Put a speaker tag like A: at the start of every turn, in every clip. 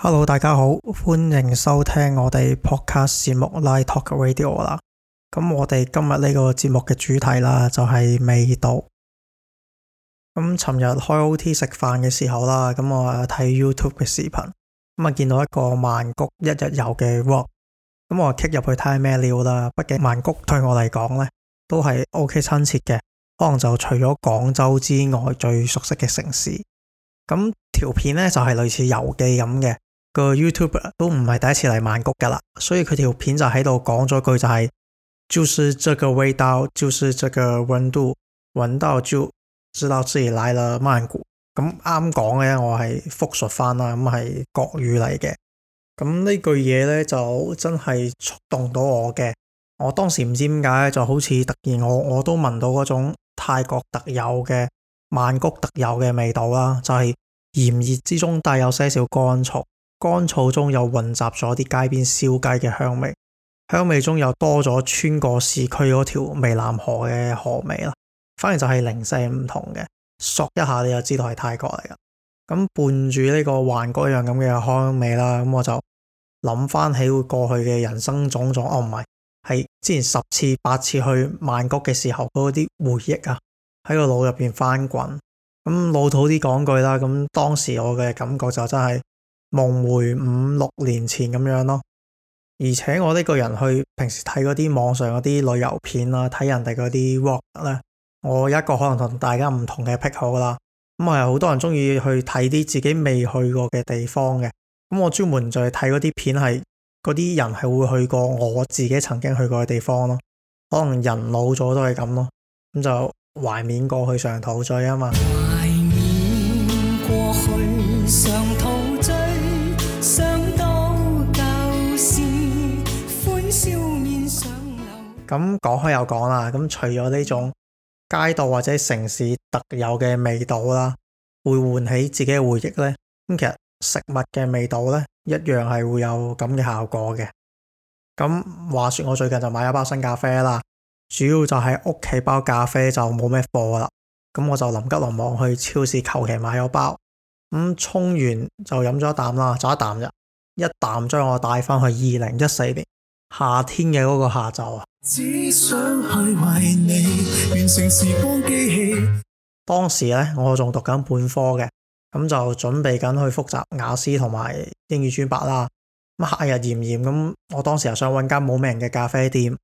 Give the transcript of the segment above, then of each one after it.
A: Hello，大家好，歡迎收聽我哋 Podcast 節目 Live Talk Radio 啦。咁我哋今日呢個節目嘅主題啦，就係味道。咁尋日開 OT 食飯嘅時候啦，咁我睇 YouTube 嘅視頻，咁啊見到一個曼谷一日遊嘅 walk，咁我 k 入去睇下咩料啦。畢竟曼谷對我嚟講呢，都係 OK 親切嘅，可能就除咗廣州之外最熟悉嘅城市。咁條片呢，就係類似遊記咁嘅。個 YouTuber 都唔係第一次嚟曼谷噶啦，所以佢條片就喺度講咗句就係、是，就是這個味道，就是這個溫度，搵到就知道自己嚟啦曼谷。咁啱講嘅，我係複述翻啦，咁、嗯、係國語嚟嘅。咁、嗯、呢句嘢咧就真係觸動到我嘅。我當時唔知點解，就好似突然我我都聞到嗰種泰國特有嘅曼谷特有嘅味道啦，就係、是、炎熱之中帶有些少乾燥。乾燥中又混雜咗啲街邊燒雞嘅香味，香味中又多咗穿過市區嗰條湄南河嘅河味啦。反而就係零舍唔同嘅，嗦一下你就知道係泰國嚟噶。咁伴住呢個環國樣咁嘅香味啦，咁我就諗翻起會過去嘅人生種種。哦，唔係係之前十次八次去曼谷嘅時候嗰啲回憶啊，喺個腦入邊翻滾。咁老土啲講句啦，咁當時我嘅感覺就真係。夢回五六年前咁樣咯，而且我呢個人去平時睇嗰啲網上嗰啲旅遊片啊，睇人哋嗰啲 walk 咧，我有一個可能同大家唔同嘅癖好啦。咁係好多人中意去睇啲自己未去過嘅地方嘅，咁、嗯、我專門就係睇嗰啲片係嗰啲人係會去過我自己曾經去過嘅地方咯。可能人老咗都係咁咯，咁、嗯、就懷緬過去常陶醉啊嘛。想到舊時歡笑面上流。咁講開又講啦，咁除咗呢種街道或者城市特有嘅味道啦，會喚起自己嘅回憶呢？咁其實食物嘅味道呢，一樣係會有咁嘅效果嘅。咁話說我最近就買咗包新咖啡啦，主要就係屋企包咖啡就冇咩貨啦，咁我就臨急臨忙去超市求其買咗包。咁沖完就飲咗一啖啦，就一啖啫，一啖將我帶翻去二零一四年夏天嘅嗰個下晝啊！當時呢我仲讀緊本科嘅，咁、嗯、就準備緊去復習雅思同埋英語專八啦。咁、嗯、夏日炎炎，咁我當時又想揾間冇名嘅咖啡店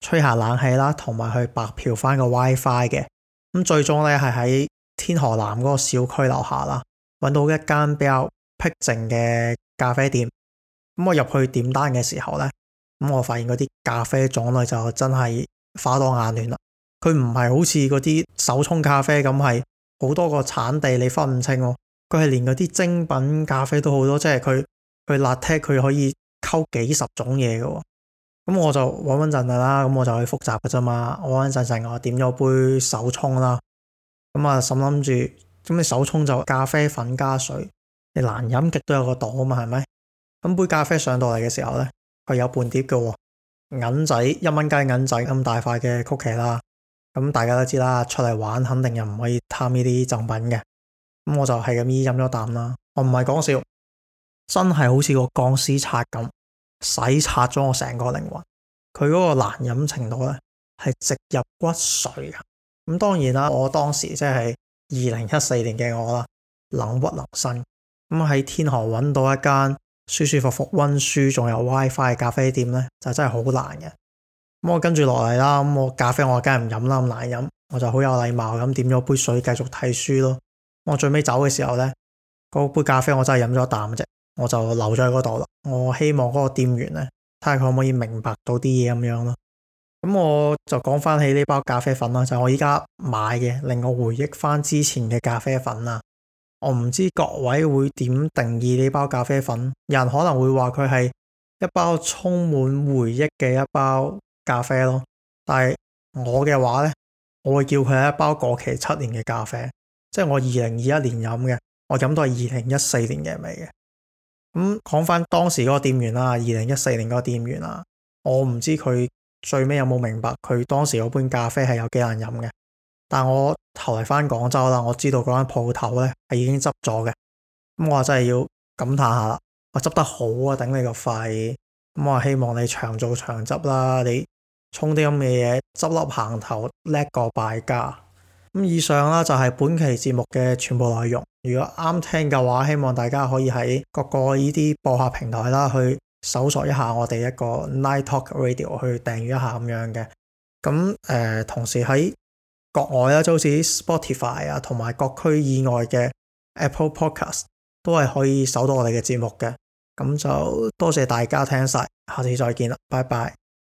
A: 吹下冷氣啦，同埋去白嫖翻個 WiFi 嘅。咁、嗯、最終呢，係喺天河南嗰個小區樓下啦。揾到一間比較僻靜嘅咖啡店，咁我入去點單嘅時候呢，咁我發現嗰啲咖啡種類就真係花多眼亂啦。佢唔係好似嗰啲手沖咖啡咁，係好多個產地你分唔清哦。佢係連嗰啲精品咖啡都好多，即係佢佢 latte 佢可以溝幾十種嘢嘅喎。咁我就穩穩陣陣啦，咁我就去複雜嘅啫嘛，我穩陣陣我點咗杯手沖啦。咁啊，心諗住。咁你手沖就咖啡粉加水，你難飲極都有個度啊嘛，係咪？咁杯咖啡上到嚟嘅時候咧，佢有半碟嘅，哦、銀仔，一蚊雞銀、銀仔咁大塊嘅曲奇啦。咁大家都知啦，出嚟玩肯定又唔可以貪呢啲贈品嘅。咁我就係咁意飲咗啖啦。我唔係講笑，真係好似個鋼絲刷咁洗刷咗我成個靈魂。佢嗰個難飲程度咧，係直入骨髓啊。咁當然啦，我當時即係。二零一四年嘅我啦，冷屈冷身，咁、嗯、喺天河揾到一間舒舒服服溫書仲有 WiFi 嘅咖啡店咧，就真係好難嘅。咁我跟住落嚟啦，咁、嗯、我咖啡我梗係唔飲啦，咁難飲，我就好有禮貌咁點咗杯水繼續睇書咯。嗯、我最尾走嘅時候咧，嗰杯咖啡我真係飲咗一啖啫，我就留咗喺嗰度咯。我希望嗰個店員咧，睇下佢可唔可以明白到啲嘢咁樣咯。咁我就講翻起呢包咖啡粉啦，就係我依家買嘅，令我回憶翻之前嘅咖啡粉啦。我唔知各位會點定義呢包咖啡粉，人可能會話佢係一包充滿回憶嘅一包咖啡咯。但係我嘅話呢，我會叫佢係一包過期七年嘅咖啡，即係我二零二一年飲嘅，我飲到係二零一四年嘅味嘅。咁講翻當時嗰個店員啦，二零一四年嗰個店員啦，我唔知佢。最尾有冇明白佢當時嗰杯咖啡係有幾難飲嘅？但我後嚟返廣州啦，我知道嗰間鋪頭咧係已經執咗嘅。咁我真係要感嘆下啦，我執得好啊，頂你個肺！咁我希望你長做長執啦，你沖啲咁嘅嘢，執笠行頭叻過敗家。咁以上啦就係本期節目嘅全部內容。如果啱聽嘅話，希望大家可以喺各個呢啲播客平台啦去。搜索一下我哋一個 Night Talk Radio 去訂閱一下咁樣嘅，咁誒、呃、同時喺國外啦，就好似 Spotify 啊，同埋各區以外嘅 Apple Podcast 都係可以搜到我哋嘅節目嘅，咁就多謝大家聽晒，下次再見啦，拜拜。